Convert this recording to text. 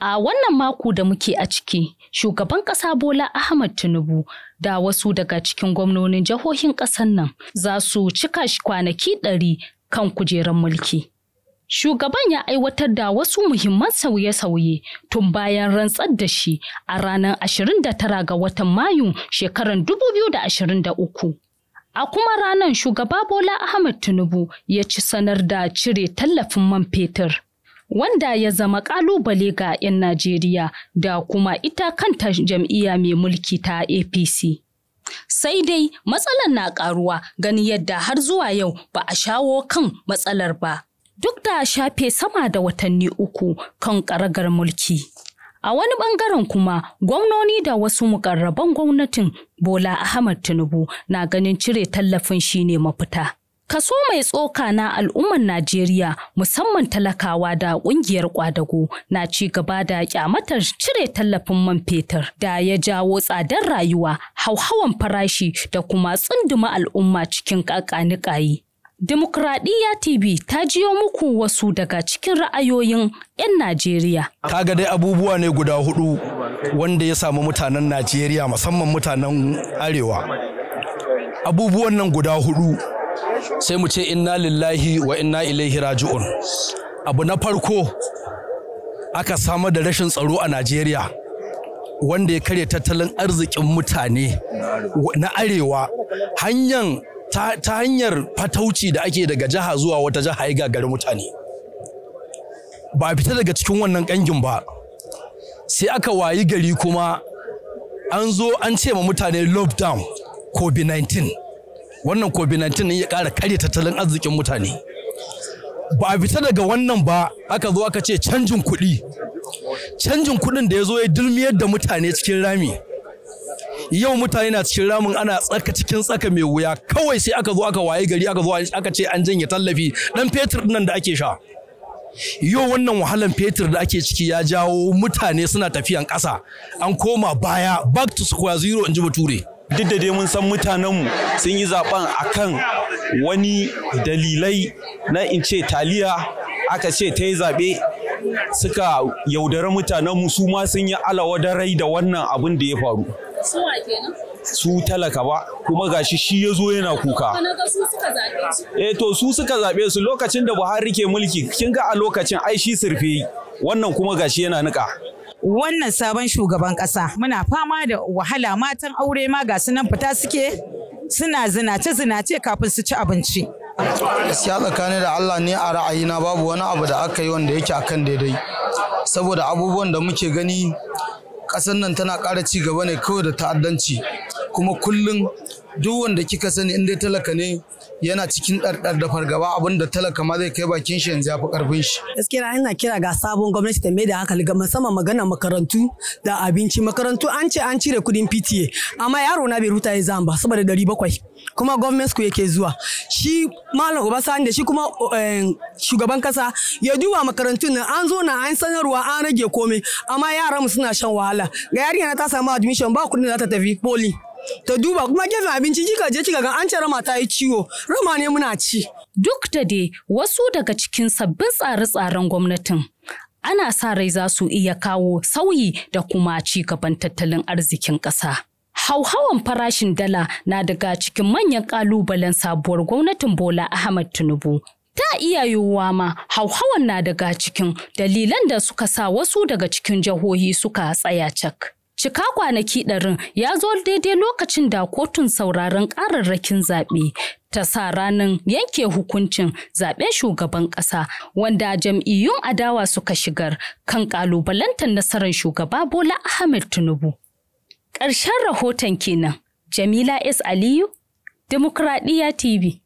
A wannan mako da muke a ciki, shugaban ƙasa Bola Ahmad Tinubu da wasu daga cikin gwamnonin jihohin ƙasar nan za su cika shi kwanaki ɗari kan kujerar mulki. Shugaban ya aiwatar da wasu muhimman sauye-sauye tun bayan rantsar da shi a ranar 29 ga watan Mayu shekarar 2023. A kuma ranar shugaba Bola Ahmad Tinubu ya ci sanar da cire tallafin man fetur. wanda ya zama kalubale ga 'yan Najeriya da kuma ita kanta jam'iyya mai mulki ta APC. Sai dai matsalar na karuwa gani yadda har zuwa yau ba a shawo kan matsalar ba. Duk da shafe sama da watanni uku kan karagar mulki. A wani bangaren kuma gwamnoni da wasu mukarraban gwamnatin Bola Ahmad Tinubu na ganin cire tallafin shine mafita. Kaso mai tsoka na al'umman Najeriya musamman talakawa da ƙungiyar ƙwadago na ci gaba da kyamatar cire tallafin man fetur da ya jawo tsadar rayuwa, hauhawan farashi da kuma tsunduma al'umma cikin ƙaƙaniƙayi. Dimokuraɗiyya TV ta jiyo muku wasu daga cikin ra'ayoyin 'yan Najeriya. Kaga dai abubuwa ne guda hudu wanda ya samu mutanen Najeriya musamman mutanen Arewa. Abubuwan nan guda hudu sai mu ce inna lillahi wa inna ilaihi raji'un abu na farko aka samar da rashin tsaro a najeriya wanda ya karya tattalin arzikin mutane na arewa hanyar ta, hanyar fatauci da ake daga jiha zuwa wata jiha ya gagari mutane ba fita daga cikin wannan ƙangin ba sai aka wayi gari kuma an zo an ce ma mutane lockdown covid-19 wannan covid-19 ya ƙara karya tattalin arzikin mutane ba a fita daga wannan ba aka zo aka ce canjin kuɗi canjin kuɗin da ya zo ya dulmiyar da mutane cikin rami yau mutane na cikin ramin ana tsaka cikin tsaka mai wuya kawai sai aka zo aka waye gari aka zo aka ce an janye tallafi ɗan fetur nan da ake sha yau wannan wahalan fetur da ake ciki ya jawo mutane suna tafiyan ƙasa an koma baya back to square zero in ji bature duk da dai mun san mutanenmu sun yi zaben akan wani dalilai na in ce taliya aka ce ta yi zaɓe suka yaudari mutanenmu su ma sun yi alawadarai da wannan abin da ya faru. su talaka ba kuma gashi shi ya zo yana kuka. Eh to su suka zaɓe su lokacin da Buhari ke mulki kin ga a lokacin ai shi surfe wannan kuma gashi yana niƙa. wannan sabon shugaban ƙasa muna fama da wahala matan aure ma ga nan fita suke suna zinace-zinace kafin su ci abinci. Gaskiya tsakanin da Allah ne a ra'ayina babu wani abu da aka yi wanda yake akan daidai. Saboda abubuwan da muke gani ƙasar nan tana ƙara ci gaba ne kawai da ta'addanci. Kuma kullum duk wanda kika sani in dai talaka ne yana cikin ɗarɗar da fargaba abinda talaka ma zai kai bakin shi yanzu ya fi ƙarfin shi. Gaskiya ina kira ga sabon gwamnati ta da hankali ga musamman magana makarantu da abinci makarantu an ce an cire kuɗin PTA amma yaro na bai ruta zama ba saboda ɗari bakwai kuma gwamnati ku yake zuwa shi malam sani da shi kuma eh, shugaban kasa ya duba makarantun nan an zo na an sanarwa an rage komai amma yaran mu suna shan wahala ga yarinya na ta samu admission ba kuɗin da za ta tafi poli. ta duba kuma gefen abinci kika je kika ga an ce rama ta yi ciwo rama ne muna ci. Duk da dai wasu daga cikin sabbin tsare-tsaren gwamnatin ana sa rai za su iya kawo sauyi da kuma ci gaban tattalin arzikin ƙasa. Hauhawan farashin dala na daga cikin manyan ƙalubalen sabuwar gwamnatin Bola Ahmad Tinubu. Ta iya yiwuwa ma hauhawan na daga cikin dalilan da suka sa wasu daga cikin jihohi suka tsaya cak. Cika kwanaki ɗarin ya zo daidai lokacin da kotun sauraron ƙararrakin zaɓe ta sa ranar yanke hukuncin zaɓen shugaban ƙasa wanda jam'iyyun adawa suka shigar kan ƙalubalantar nasarar shugaba Bola Ahmed Tinubu. Ƙarshen rahoton kenan Jamila S. Aliyu, Demokradiyya TV.